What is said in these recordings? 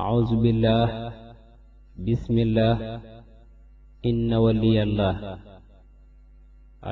أعوذ بالله بسم الله إن ولي الله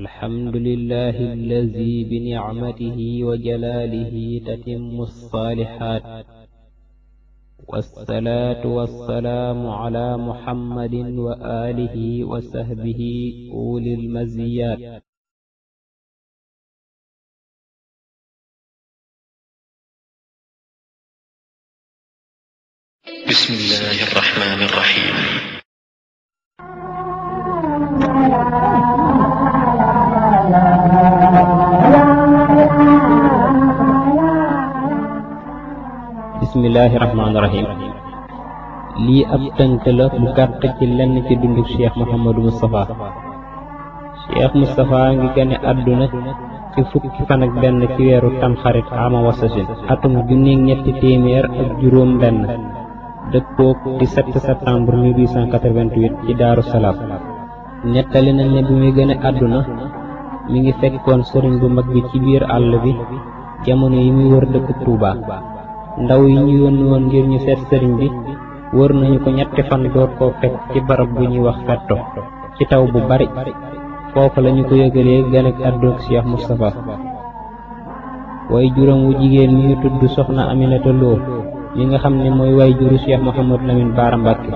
الحمد لله الذي بنعمته وجلاله تتم الصالحات والصلاة والسلام على محمد وآله وصحبه أولي المزيات بسم lii ab tënk la bu gàtt ci lenn ci dundu Cheikh Mouhamadou Moustapha Cheikh Moustapha ngi gane àdduna ci fukki fan ak benn ci weeru tamxarit ama wasasin atum junni ñetti téeméer ak juróom benn dëppook 17 septembre 1888 ci Daaru Salaam nettali nañ ne bi muy gën a àdduna mi ngi fekkoon sëriñ bu mag bi ci biir àll bi jamono yi muy wër dëkk Touba ndaw yi ñu yónni woon ngir ñu seet sëriñ bi wër nañu ko ñetti fan door koo fekk ci barab bu ñuy wax fetto ci taw bu bari foofu lañu ko yëgalee gën ak àddoog Cheikh Moustapha way juróom wu jigéen mi ngi tudd soxna Aminata Lo yi nga xam ne mooy way juru Cheikh Mouhamadou Lamine Bara Mbacke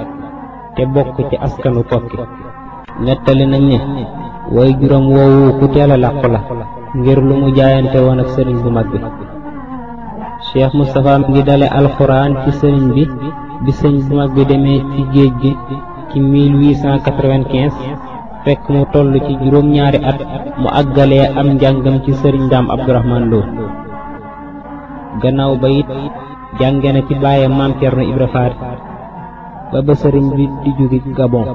te bokk ci askanu kokki nettali nañ ne way juram woowu ku teel làqu la ngir lu mu jaayante woon ak sëriñ bu mag bi Cheikh Moustapha ngi dale alxuraan ci sëriñ bi bi sëriñ bu mag bi demee ci géej gi ci 1895 fekk mu toll ci juróom-ñaari at mu àggalee am njàngam ci sëriñ daam Abdourahmane gannaaw ba it jànge na ci bàyyam maam Cerno Ibra Faat ba ba sëriñ bi di jóge Gabon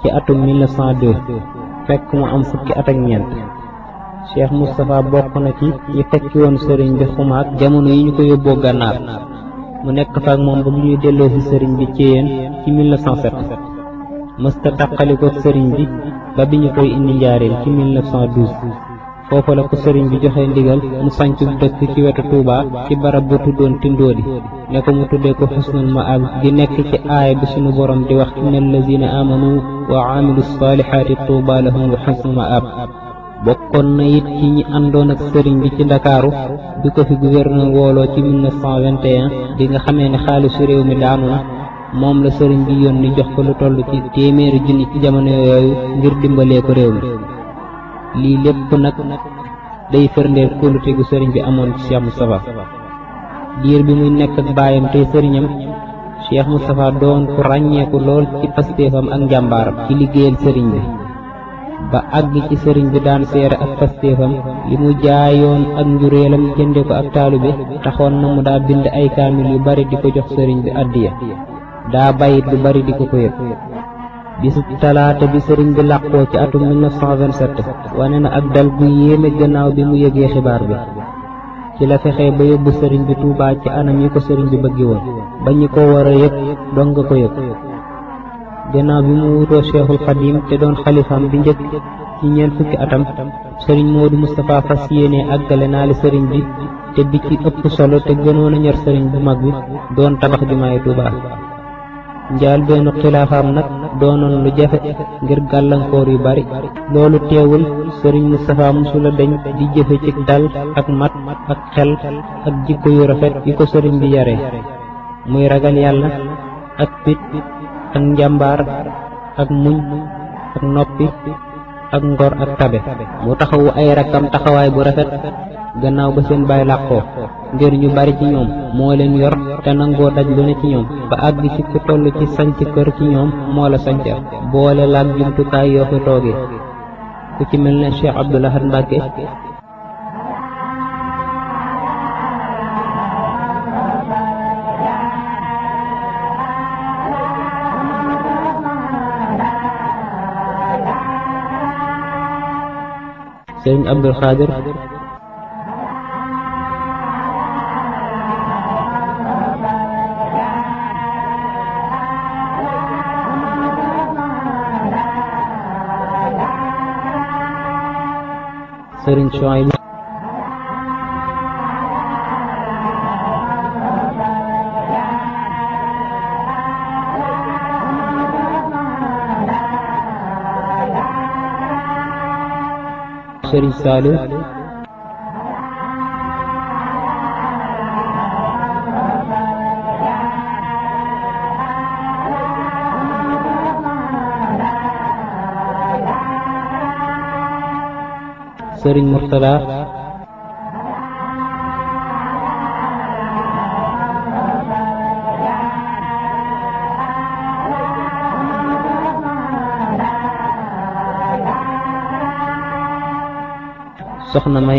ci atum 1902 fekk mu am fukki at ak ñeent Cheikh Moustapha bokk na ci yi fekki woon sëriñ bi xumaak jamono yi ñu ko yóbboo gànnaar mu nekk fa ak moom ba mu ñuy delloo si sëriñ bi Thiéyène ci 1907 mësta tàqalikook sëriñ bi ba bi ñu koy indi njaareel ci 1912 foofa la ko sëriñ bi joxe ndigal mu sanc dëkk ci wetu Touba ci barab bu tuddoon Tindóodi ne ko mu tuddee ko ma maab gi nekk ci aaya bi suñu borom di wax inna allazina amanu wa amilu salihaati Touba lahum wa xusnul maab bokkoon na it ci ñi àndoon ak sëriñ bi ci ndakaaru bi ko fi gouverneur wooloo ci 1921 bi nga xamee ne xaalisu réew mi daanu na moom la sëriñ bi yónni jox ko lu toll ci téeméeri junni ci jamono yooyu ngir dimbalee ko réew mi lii lépp nag day firndeel kóolute gu sëriñ bi amoon ci Cheikh Moustapha diir bi muy nekk ak baayam tey sëriñam Cheikh Moustapha doon ku ràññeeku lool ci pastéefam ak njàmbaaram ci liggéeyal sëriñ bi ba àgg ci sëriñ bi daan seere ak pastéefam li mu jaayoon ak njuréelam jënde ko ak taalu bi taxoon na mu daa bind ay kaamil yu bari di ko jox sëriñ bi addiya daa bàyyit lu bari di ko ko yëg bisu talaata bi sëriñ bi làqoo ci atum 1927 wane na ak dal gu yéeme gannaaw bi mu yëgee xibaar bi ci la fexe ba yóbbu sëriñ bi Touba ci anam yi ko sëriñ bi bëggi woon ba ñu ko war a yëg dong nga ko yëg gannaaw bi mu wutoo Cheikhul Khadim te doon xalifaam bi njëkk ci ñeent fukki atam sëriñ Modou Moustapha fas ak àggale naa li sëriñ bi te bi ci ëpp solo te gënoon a ñor sëriñ bu mag bi doon tabax jumaay Touba njaal benn xilaafaam nag doonoon lu jafe ngir gàllankoor yu bari loolu teewul sëriñ Moustapha musula dañ di jëfe ci dal ak mat ak xel ak jikko yu rafet yi ko sëriñ bi yare muy ragal yàlla ak pit ak njàmbaar ak muñ ak noppi ak ngor ak tabe mu taxawu ay rakkam taxawaay bu rafet gannaaw ba seen baay làqoo ngir ñu bari ci ñoom moo leen yor te nangoo daj lu ne ci ñoom ba àgg ci ku toll ci sanc kër ci ñoom moo la sanca boole laag jumtukaay yoo tooge ku ci mel ne Cheikh Abdou Lahad Mbacké Sëriñ Abdou sëriñ Souhaïbou sëriñ Saliou sëriñ Murtada soxna may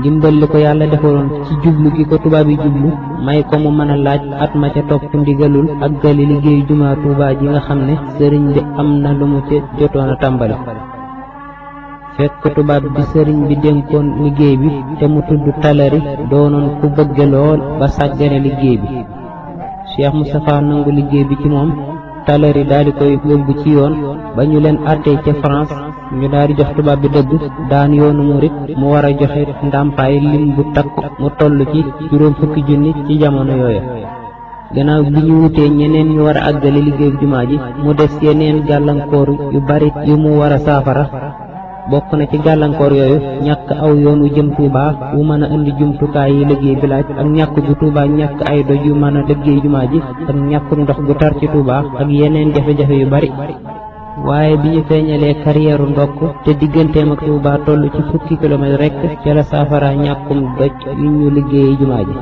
ndimbal li ko yàlla defaloon ci jublu gi ko tubaab yi jublu may ko mu mën a laaj at ma ca topp ndigalul ak gali liggéey jumaa Tuubaa ji nga xam ne sëriñ bi am na lu mu ca jotoon a tàmbali fekk tubaab bi sëriñ bi dénkoon liggéey bi te mu tudd talari doonoon ku bëgg ba sàggane liggéey bi mu Moustapha nangu liggéey bi ci moom talari daal koy yóbbu ci yoon ba ñu leen àttee ca France ñu daal di jox tubaab bi dëgg daan yoonu murit mu war a joxe ndàmpaay lim bu takk mu toll ci juróom fukki junni ci jamono yooyu. gannaaw bi ñu wutee ñeneen ñu war a àggale liggéeyu jumaa ji mu des yeneen gàllankoor yu bari yu mu war a saafara bokk na ci gàllankoor yooyu ñàkk aw yoon wu jëm Tuubaa wu mën a indi jumtukaay yi liggéey bi laaj ak ñàkk ju Tuubaa ñàkk ay doj yu mën a liggéey jumaa ji ak ñàkkum ndox gu tar ci Tuubaa ak yeneen jafe-jafe yu bari waaye bi ñu feeñalee carrièreu ndokk te digganteem ak Tuuba toll ci fukki kilomètre rekk ca la saafara ñàkkum doj yu ñu liggéeye jumaa ji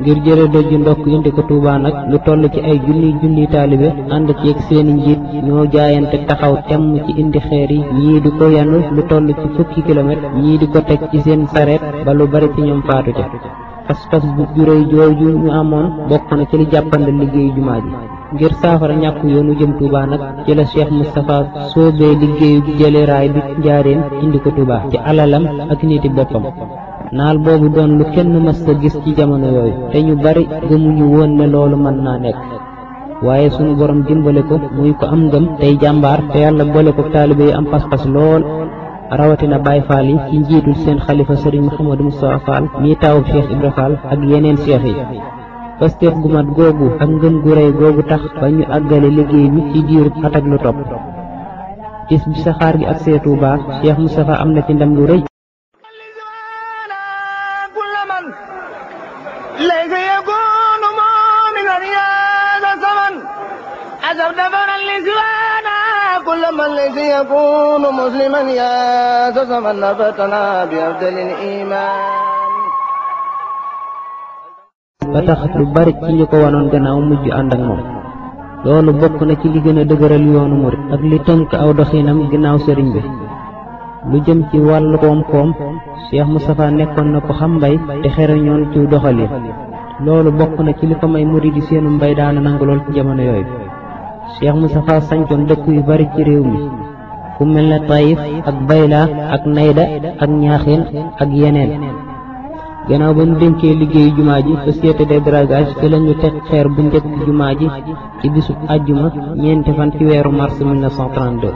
ngir jële doj yu ndokk indi ko Tuuba nag lu toll ci ay junniy junniy taalibe ànd ci ak seeni njiit ñoo jaayante taxaw temm ci indi xeer yi ñii di ko yanu lu toll ci fukki kilomètre ñii di ko teg ci seen sareet ba lu bari ci ñoom faatu ca pas-pas bu ju réy jooju ñu amoon bokk na ci li jàppandal liggéeyu jumaa ji ngir saafara ñàkk yoonu jëm Touba nag ci la Cheikh Moustapha soobee liggéeyu jële raay bi njaareen indi ko Touba ci alalam ak niti boppam naal boobu doon lu kenn mës a gis ci jamono yooyu te ñu bari gëmuñu woon ne loolu mën naa nekk waaye sunu boroom dimbale ko muy ko am ngëm tey jàmbaar te yàlla boole ko taalibe yi am pas-pas lool rawatina Baye Fall yi ci njiitul seen xalifa sëriñ Mouhamadou Moustapha Fall taawub Cheikh Ibra Fall ak yeneen seex yi pasteef gu mat googu ak ngëm gu rëy googu tax ba ñu àggale liggéey bi ci diirub at lu topp tis bi saxaar gi ak seetu baax Cheikh Moustapha am na ci ndam lu rëy اليوم الذي يكون مسلما يا تتمنى فتنا بأفضل الإيمان ba tax lu bari ci ñu ko wanoon gannaaw mujj ànd ak moom loolu bokk na ci li gën a dëgëral yoonu murit ak li tënk aw doxinam ginnaaw sëriñ bi lu jëm ci wàllu koom-koom Cheikh Moustapha nekkoon na ko xam mbay te xereñoon ci doxalin loolu bokk na ci li ko may murit yi seenu mbay daana nangu lool ci jamono yooyu cheikh Moustapha sancoon dëkk yu bari ci réew mi ku mel ne Taïf ak Bayla ak Nayda ak Ñaaxeen ak yeneen gannaaw ba ñu dénkee liggéeyu jumaa ji société de dragage ci la ñu teg xeer bu njëkk jumaa ji ci bisub àjjuma ñeenti fan ci weeru mars 1932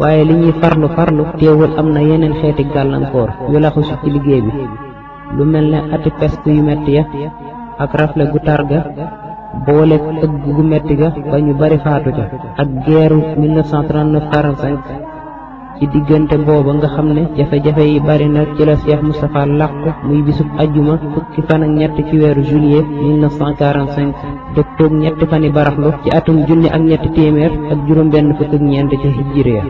waaye li ñuy farlu farlu teewul am na yeneen xeeti gàllankoor yu laxasu ci liggéey bi lu mel ne ati pest yu metti ya ak rafle gu targa boole tëgg gu metti ga ba ñu bari faatu ca ak geeru 1939 45 ci diggante booba nga xam ne jafe-jafe yi bari na ci la Cheikh Moustapha làqu muy bisub ajjuma fukki fan ak ñett ci weeru juillet 1945 dëppoog ñetti fani baraxlu ci atum junni ak ñetti téeméer ak juróom benn fukk ak ñeent ci hijriya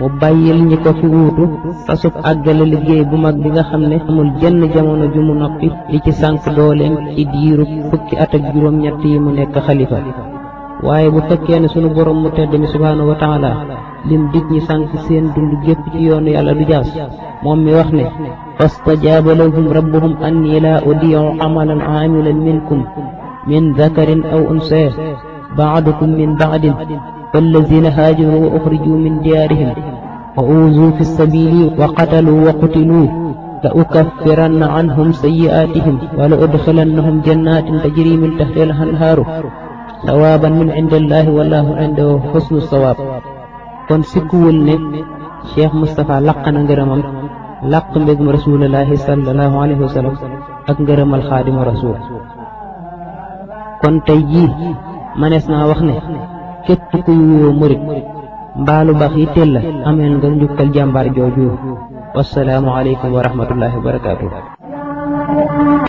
mu bàyyil ñi ko fi wuutu fasub àggale liggéey bu mag bi nga xam ne amul jenn jamono ju mu noppi li ci sànq dooleem ci diirub fukki at ak juróom ñett yi mu nekk xalifa waaye bu fekkee ne sunu borom mu tedd mi subhaanahu wa taala lim dig ñi sànq seen dund gépp ci yoonu yàlla du jaas moom mi wax ne fastajaaba lahum rabbuhum anni laa udiicu amalan aamilan minkum min dakarin aw unsaa baadukum min baadin والذين هاجروا وأخرجوا من ديارهم وأوذوا في السبيل وقتلوا وقتلوا لأكفرن عنهم سيئاتهم ولأدخلنهم جنات تجري من تحتها الأنهار ثوابا من عند الله والله عنده حسن الصواب kon sikkuwul ne Cheikh Moustapha laq na ngërëmam laq mbégum rasulullahi sallallahu alayhi wa sallam ak ngërëmal xaadimu rasul kon tey jii manees naa wax ne képp kuy wuyoo murit mbaalu baax yi teel la ameel nga njukkal jàmbaar jooju wasalaamu aleykum wa rahmatullahi wa barakaatu.